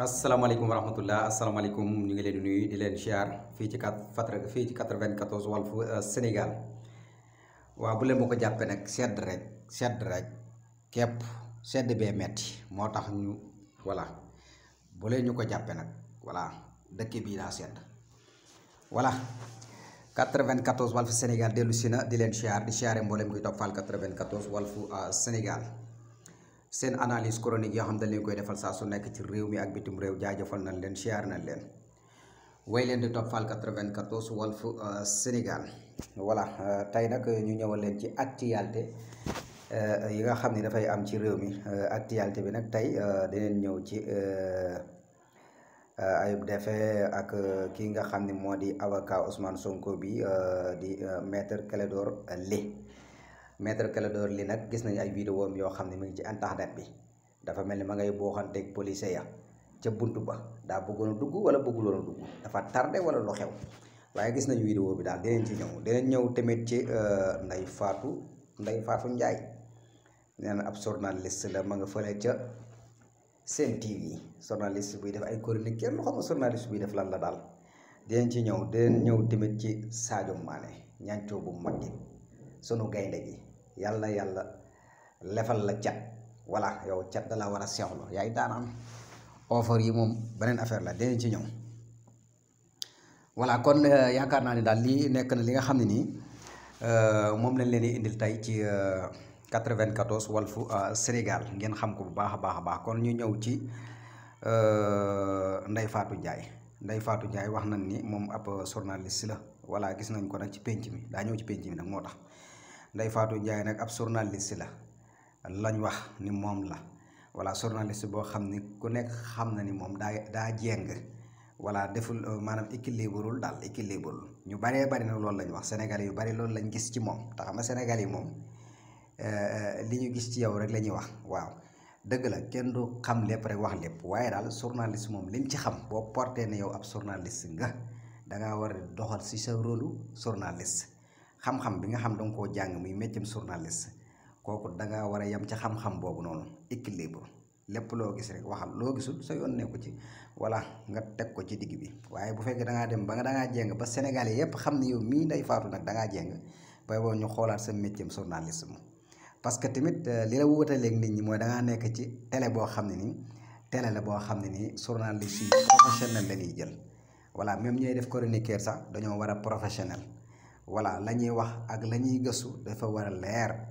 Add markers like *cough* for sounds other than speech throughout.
asalaamaaleykum wa rahmatullah asalaamaaleykum ñu ngi leen di nuyu leen siyaar fii ci quatre fii ci quatre-vingt-quatorze Walf euh, Sénégal waaw bu leen ma ko jàppee nag sedd rek sedd moo tax ñu voilà bu leen ñu ko jàppee nag voilà dëkk bii daa sedd voilà quatre-vingt-quatorze Walf Sénégal dellu si na di leen siyaar di siyaare mboolem kuy toppal quatre-vingt-quatorze Walf euh, Sénégal seen analyse chronique yoo xam ne leen koy defal saa su nekk ci réew mi ak bitim réew jaajëfal nañ leen siyaar na leen way leen di toppal 94 Walf euh, Sénégal voilà euh, tey nag ñu ñëwal leen ci actualité euh, yi nga xam ni dafay am ci réew mi actualité bi nag tey dinañ ñëw ci Ayib Daffé ak kii nga xam ni moo di avocat Ousmane Sonko bi di maître Clédor Ly maître Clédor Ly nag gis nañu ay vidéo am yoo xam ne mu ngi ci internet bi dafa mel ni ma ngay booxanteeg polise ya ca bunt ba daa bëggoon a dugg wala bëgguloon dugg dafa tardé wala lu xew waaye gis nañu vidéo bi daal dinañ ci ñëw dinañ ñëw tamit ci euh, Ndeye Fatou Ndeye Fatou Ndiaye nee na ab journaliste la ma nga fële ca Sen TV journaliste buy def ay chronique kenn xam nga def lan la daal dinañ ci ñëw dinañ ñëw tamit ci Sadio Mané ñancoo bu mag yi sunu gaynde gi yàlla yàlla lefal la cat voilà yow cat da la war a seexlu yaay daan am offre yi moom beneen affaire la dinañ ci ñëw voilà kon euh, yaakaar naa ni daal lii nekk na li nga xam ne nii euh, moom lañ leen di indil tey ci 94 euh, fu Sénégal ngeen xam ko bu baax a baax a baax kon ñu ñëw ci Ndeye Fatou njaay Ndeye Fatou Ndiaye wax nañ ni moom ab si la voilà gis nañ ko nag ci penc mi daa ñëw ci penc mi nag moo tax. Ndeye Fatou Ndiaye nag ab journaliste la lañ wax ni moom la walla journaliste boo xam ni ku nekk xam na ni moom daa daa jéng walla deful euh, maanaam équilibrewul daal équilibrewul ñu baree bari na loolu lañ wax sénégalais yu bari loolu lañ gis ci moom te xam nga yi moom euh, li ñu gis ci yow rek la ñuy wax waaw dëgg la kenn du xam lépp rek wax lépp waaye daal journaliste moom liñ ci xam boo porté ne yow ab journaliste nga da ngaa war a doxal ci sa rôle journaliste. xam-xam bi nga xam danga koo jàng muy méccam journaliste kooku danga war a yem ci xam-xam boobu noonu équilibre lépp loo gis rek waxal loo gisul sa yoon nekku ci walla nga teg ko ci digg bi waaye bu fekkee dangaa dem ba nga dangaa jéng ba Sénégal yi yépp xam ne yow mii nday faatu nag dangaa jéng bay boo ñu xoolaat sa méccam journalisme parce que tamit euh, li la wutaleeg nit ñi mooy dangaa nekk ci télé boo xam ne nii télé la boo xam ne nii journaliste yi professionnel la ñuy jël voilà même ñooy def chroniqueur sax dañoo war a professionnel voilà la ñuy wax ak la ñuy gëstu dafa war a leer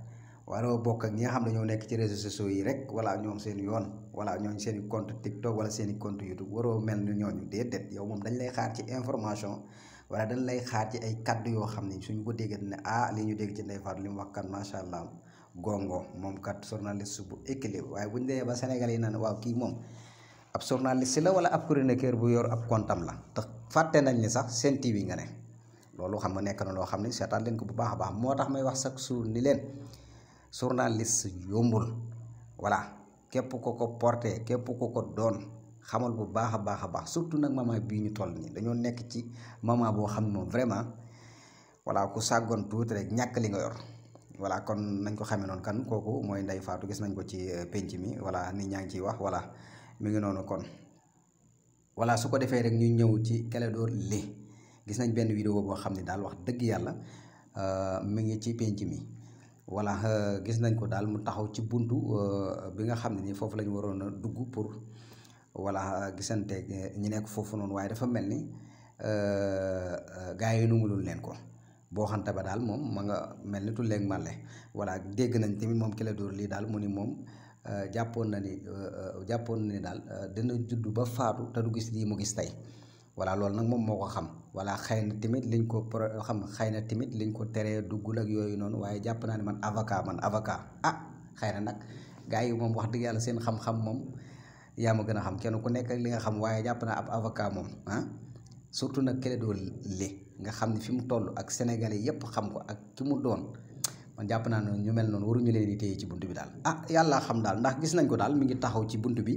waroo bokk ñi nga xam ne ñoo nekk ci réseaux sociaux yi rek voilà ñoom seen yoon voilà ñooñu seen i compte TikTok wala seen i compte YouTube waroo mel ni ñooñu déedéet yow moom dañ lay xaar ci information wala dañ lay xaar ci ay kaddu yoo xam ne suñ ko déggee ne ah li ñu dégg ci Ndeye Fatou li mu wax kat macha allah gongo moom kat journaliste bu équilibre waaye bu ñu demee ba Sénégal yi naan waaw kii moom ab journaliste la wala ab chroniqueur bu yor ab kontam la te fàtte nañ ni sax Sen TV nga ne. loolu xam nga nekk na loo xam ne seetaan leen ko bu baax a baax moo tax may wax chaque jour ni leen lis yombul voilà képp ko ko porté képp ko ko doon xamal bu baax a baax a baax surtout nag moment bii ñu toll nii dañoo nekk ci moment boo xam moom vraiment voilà ku sàggoon tuuti rek ñàkk li nga yor kon nañ ko xamee noonu kan kooku mooy Ndeye Fatou gis nañ ko ci euh, penc mi voilà ni ñaa ngi ciy wax voilà mi ngi noonu kon voilà su ko defee rek ñu ñëw ci Clédor Ly gis nañ benn vidéo boo xam ne daal wax dëgg yàlla euh, mu ngi ci penc mi voilà euh, gis nañ ko daal mu taxaw ci buntu euh, bi nga xam ne ni foofu lañu waroon a dugg pour voilà gisante ñi nekk foofu noonu waaye dafa mel ni gars yi nungulul leen ko boo xante ba daal moom ma nga mel ni tulleeg màlle voilà dégg nañ tamit moom ki dóor lii daal mu ni moom jàppoon na ni jàppoon na ni daal dina juddu ba faatu te du gis lii mu gis tey voilà loolu nag moom moo ko xam voilà xëy na tamit liñ ko pro xam xëy na tamit liñ ko teree duggul ak yooyu noonu waaye jàpp naa ne man avocat man avocat ah xëy na nag gars yi moom wax dëgg yàlla seen xam moom yaa ma gën a xam kenn ku nekk li nga xam waaye jàpp naa ab avocat moom ah surtout nag kële doon li nga xam fi mu toll ak sénégalais yépp xam ko ak ki mu doon man jàpp naa ne ñu mel noonu waruñu leen di téye ci bunt bi daal ah yàlla xam daal ndax gis nañ ko daal mi ngi taxaw ci bunt bi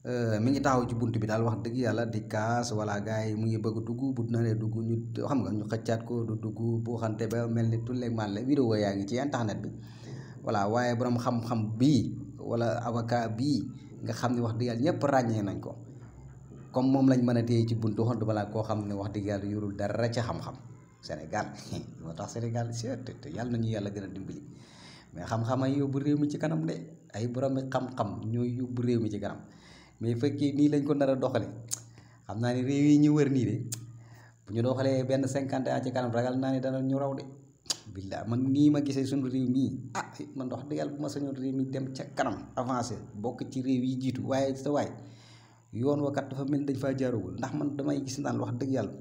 Euh, mi ngi taxaw ci bunt bi daal wax dëgg yàlla di kaas wala gars yi mu ngi bëgg dugg bu naree dugg ñu xam nga ñu xëccaat ko du dugg bu ba mel ni tout les man la vidéo yaa ngi ci internet bi voilà waaye boroom xam-xam bii wala avocat bii nga xam ne wax dëgg yàlla ñëpp ràññee nañ ko comme moom lañ mën a téye ci buntu xont balaa koo xam ne wax dëgg yàlla yorul dara ci xam-xam Sénégal *laughs* moo tax Sénégal te yàlla na ñu yàlla gën a dimbali mais xam-xam ay réew mi ci kanam de ay borom xam-xam ñooy réew mi ci kanam mais fekkee nii lañ ko nar a doxale xam naa ni réew yi ñu wër nii de bu ñu doxalee benn cinquante ans ci kanam ragal naa ni dana ñu raw de billaa man nii ma gisee suñu réew mii ah man wax dëgg yàlla bu ma sañoon réew mi dem ca kanam avancé bokk ci réew yi jiitu waaye sa waay yoon wakat dafa mel dañ fa jaarugul ndax man damay gis naan wax dëgg yàlla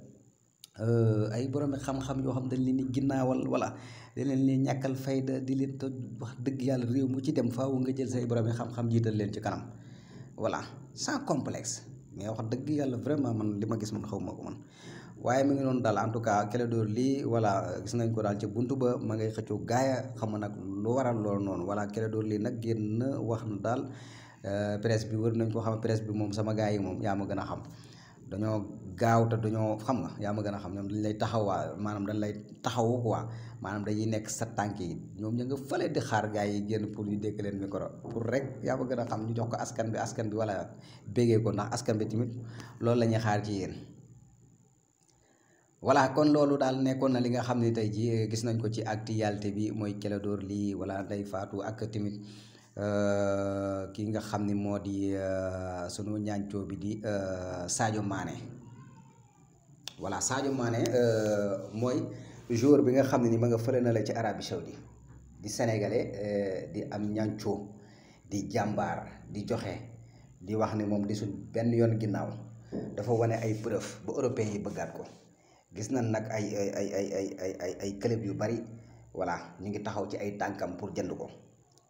euh, ay borom xam-xam yoo xam dañ leen di ginnaawal wala dañ leen di ñàkkal fayda di leen te wax dëgg yàlla réew mu ci dem faaw nga jël say borom xam-xam jiital leen ci kanam voilà sans complexe mais wax dëgg yàlla vraiment man li ma gis man xaw ma ko man waaye mi ngi noonu daal en tout cas Clédor lii voilà gis nañ ko daal ci bunt ba ma ngay xëccoo gaaya xam nag lu waral loolu noonu voilà Clédor lii nag génn wax na daal euh, presse bi wër nañ ko xam presse bi moom sama gaay yi moom yaa ma gën a xam dañoo gaaw te dañoo xam nga yaa ma gën a xam ñoom dañ lay taxawaa maanaam dañ lay taxawu waa maanaam dañuy nekk sa tànk yi ñoom ñu nga fële di xaar gaa yi génn pour ñu dégg leen micro pour rek yaa ma gën a xam ñu jox ko askan bi askan bi wala bégee ko ndax askan bi tamit loolu la ñuy xaar ci yéen voilà kon loolu daal nekkoon na li nga xam ni tey ji gis nañ ko ci ak actualité bi mooy Clédor lii wala Ndeye Fatou ak tamit Euh, ki nga xam ni moo di euh, suñu ñaancoo bi di euh, Sadio maane voilà Sadio Mané mooy jour bi nga xam ni ma nga fële na la ci Arabie Saoudi di sénégalais di am ñànco di jàmbaar di joxe di wax ni moom di suñ benn yoon ginnaaw dafa wane ay preuve ba européens yi bëggaat ko gis nañ nag ay ay ay ay ay ay yu bari voilà ñu ngi taxaw ci ay tànkam pour jënd ko.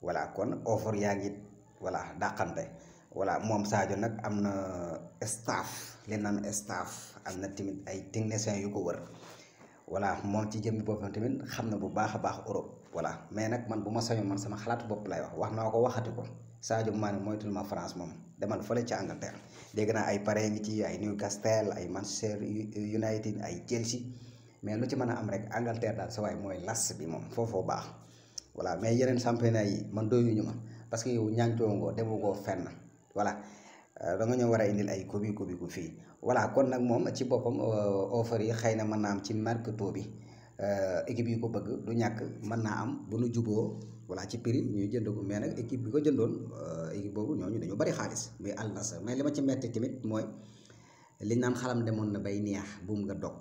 voilà kon offre yaa ngit voilà dàqante voilà moom saajo nag am na staff leen naan staff am na tamit ay techniciens yu ko wër voilà moom ci jëmmi boppam tamit xam na bu baax a baax Europe voilà mais nag man bu ma sañoon man sama xalaat bopp lay wax wax naa ko waxati ko Sadio Mané moytul ma France moom demal fële ci Angleterre dégg naa ay pare ngi ci ay Newcastle ay Manchester United ay Chelsea mais lu ci mën a am rek Angleterre daal sa waay mooy las bi moom foofoo baax voilà mais yeneen championnat yi man doyuñu ma parce que yow ñancooŋoo demagoo fenn voilà euh, danga nga war a indil ay kubi kubi ku fii voilà kon nag moom ci boppam euh, offre yi xëy na mën naa am ci mercato bi euh, équipe yi ko bëgg du ñàkk mën naa am bu nu juboo voilà ci prix ñuy jënd ko mais nag équipe bi ko jëndoon équipe boobu ñooñu dañu bari xaalis muy Al Nassr mais li ma ci metti tamit mooy liñ naan xalam demoon na bay neex buum nga dog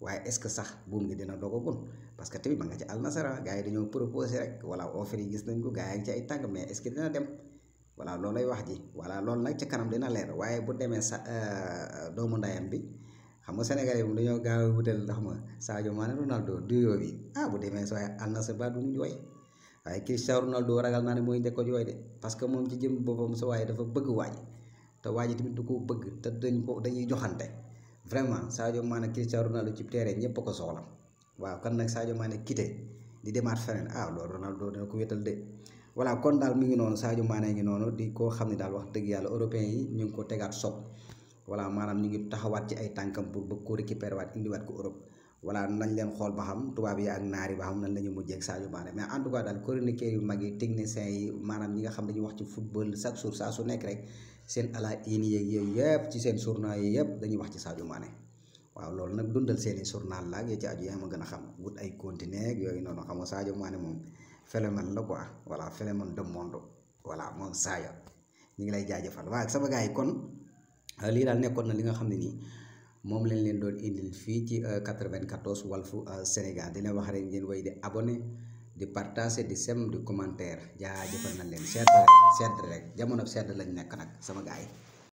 waaye est-ce que sax buum ngi dina dogagul parce que tamit ma nga ci alnasara gars yi dañoo proposé rek voilà offre yi gis nañ ko gars yi ci ay tànk mais est ce dina dem voilà loolu lay wax ji voilà loolu nag ci kanam dina leer waaye bu demee sa euh, doomu ndeyam bi xam nga Sénégalais yi dañoo gaaw a wutal ndax ma Sadio Mané Ronaldo duyoo bi ah bu demee soo alnasara ba duñu jooy waaye Cristiano Ronaldo ragal naa ne mooy njëkk a jooy de parce que moom ci jëm boppam sa waaye dafa bëgg waaj te waaj tamit du ko bëgg te dañ ko dañuy joxante vraiment Sadio Mané Cristiano Ronaldo ci terrain ñëpp ko soxla. waaw kan nag Sadio Mané quitté di demaat feneen ah loolu Ronaldo dina ko wétal de voilà kon daal mi ngi noonu Sadio Mané ngi noonu di koo xam ne daal wax dëgg yàlla européen yi ñu ngi ko tegaat sopp voilà maanaam ñu ngi taxawaat ci ay tànkam pour bëgg ko récupérer waat indiwaat ko Europe voilà nañ leen xool ba xam tubaab yi ak naari yi ba xam nañ la ñu mujjee ak Sadio Mané mais en tout cas daal chroniqueurs yu mag yi techniciens yi maanaam ñi nga xam dañu wax ci football chaque jour saa su nekk rek seen ala ini yëpp ci seen journal yi yëpp dañuy wax ci Sadio waaw loolu nag dundal seen i journal la ak ya ci aju yaa ma gën a xam wut ay continent yooyu noonu xam nga Sadio moom phénomène la quoi voilà phénomène de monde voilà moom Sadio ñu ngi lay jaajëfal waaye ak sama gars yi kon euh, lii daal nekkoon na li nga xam ne nii moom lañ leen doon indil fii ci 94 euh, Walfu euh, Sénégal dina wax rek ngeen way di abonné di partager di sem di commentaire jaajëfal nañ leen sedd rek sedd rek jamono sedd lañu nekk nag sama gars